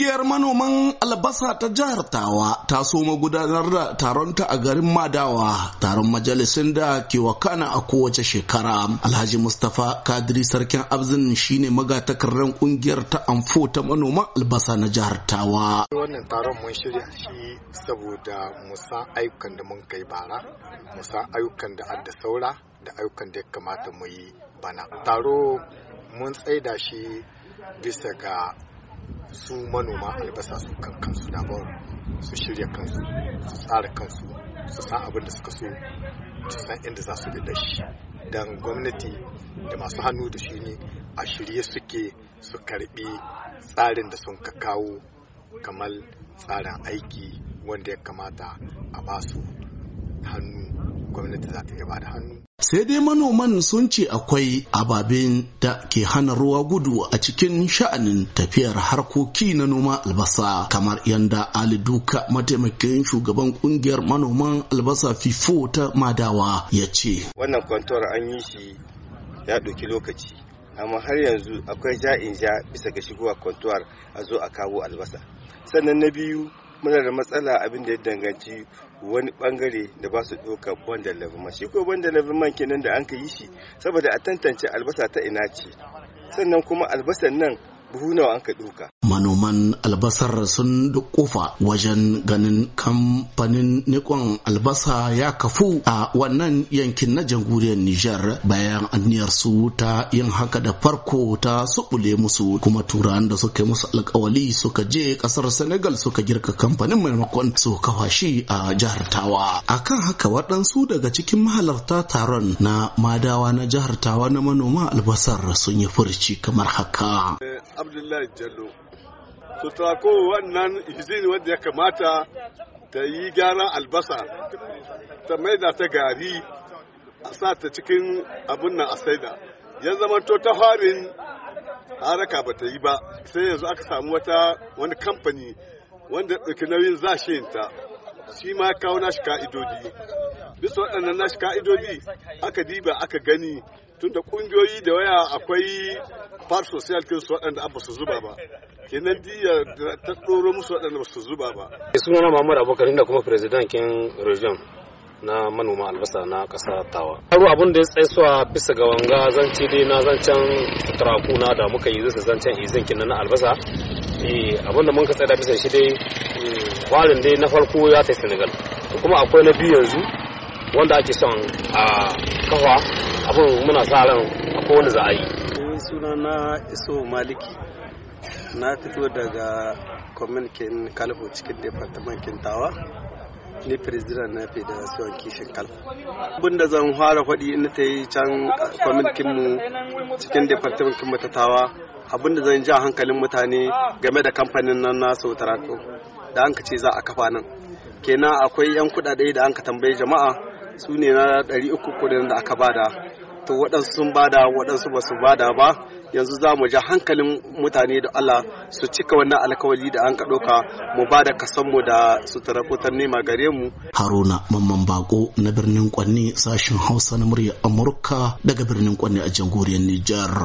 Kungiyar manoman albasa ta jihar Tawa ta soma gudanar da taronta a garin Madawa, taron majalisin da ke wakana a kowace shekara. Alhaji Mustapha Kadiri Sarkin Abzin shine magatakarren kungiyar ta amfo ta manoman albasa na jihar Tawa. Wannan taron mun shirya shi saboda musa ayyukan da mun kai bara, musa ayyukan da adda saura da ayyukan da ya kamata mu yi bana. Taro mun tsaida shi bisa ga su manoma albasa su kan kansu damar su shirya kansu su tsara kansu su san abin da suka so su san inda za su bi da shi don gwamnati da masu hannu da shi ne a shirye suke su karbi tsarin da sun ka kawo kamar tsarin aiki wanda ya kamata a basu hannu gwamnati za ta iya bada hannu. Sai dai manoman sun ce akwai ababen da ke hana ruwa gudu a cikin sha'anin tafiyar harkoki na noma albasa kamar yanda Ali Duka mataimakin shugaban kungiyar manoman albasa FIFO ta Madawa ya ce. Wannan kwantuwar an yi shi ya ɗauki lokaci amma har yanzu akwai ja'in ja bisa ga shigowa kwantuwar a zo a kawo albasa sannan na biyu muna da matsala abin da ya danganci wani bangare da ba su ɗaukar bandar leviman shi ko bandar leviman kenan da an ka yi shi saboda a tantance albasa ta ina ce sannan kuma albasan nan buhu nawa an ka ɗauka manoman albasar sun dukufa wajen ganin kamfanin nikon albasa ya kafu a wannan yankin na jamhuriyar Nijar bayan aniyar su ta yin haka da farko ta subule musu kuma turan da suka yi musu alkawali suka je kasar Senegal suka girka kamfanin maimakon su kafa shi a jihar Tawa akan haka waɗansu daga cikin mahalarta taron na madawa na jihar Tawa na manoma albasar sun yi furci kamar haka eh, Abdullahi Jallo su tako wannan izini wanda ya kamata ta yi gyaran albasa ta maida ta gari a sa ta cikin abin nan a saida ya zama to ta harin haraka ba ta yi ba sai yanzu aka samu wata wani kamfani wanda ɗauki nauyin ta shi ma kawo nashi ka'idodi bisa waɗannan nashi ka'idodi aka diba aka gani tunda kungiyoyi da waya akwai part social kin su waɗanda ba su zuba ba kenan diya ta ɗoro musu waɗanda ba su zuba ba sunana Muhammad abokan inda kuma president kin region na manoma albasa na ƙasar tawa haru abin da ya tsaisuwa bisa ga wanga zance dai na zancen na da muka yi zai zancen izin kinan na albasa eh, abin da mun tsaye tsaida bisa shi dai eh, warin dai na farko ya ta senegal kuma akwai na biyu yanzu wanda ake son a kafa abin muna sa ran akwai wanda za a yi eh, suna na iso maliki na fito daga kwamitin kalfo cikin departamentin kintawa ni president na fi da siwon kishin kalfo abin da zan fara faɗi in ta yi can kwamitin mu cikin departamentin mu ta abin da zan ja hankalin mutane game da kamfanin nan na sautarako da an ka ce za a kafa nan kenan akwai 'yan kudade da an ka tambaye jama'a su ne na 300 kudin da aka bada to waɗansu sun bada waɗansu ba su bada ba yanzu za mu ja hankalin mutane da Allah su cika wannan alkawali da an ka ɗauka mu ba da kasanmu da su tarakotar nema gare mu. Haruna Mamman Bako na birnin Kwanne sashen Hausa na murya Amurka daga birnin Kwanne a jamhuriyar Nijar.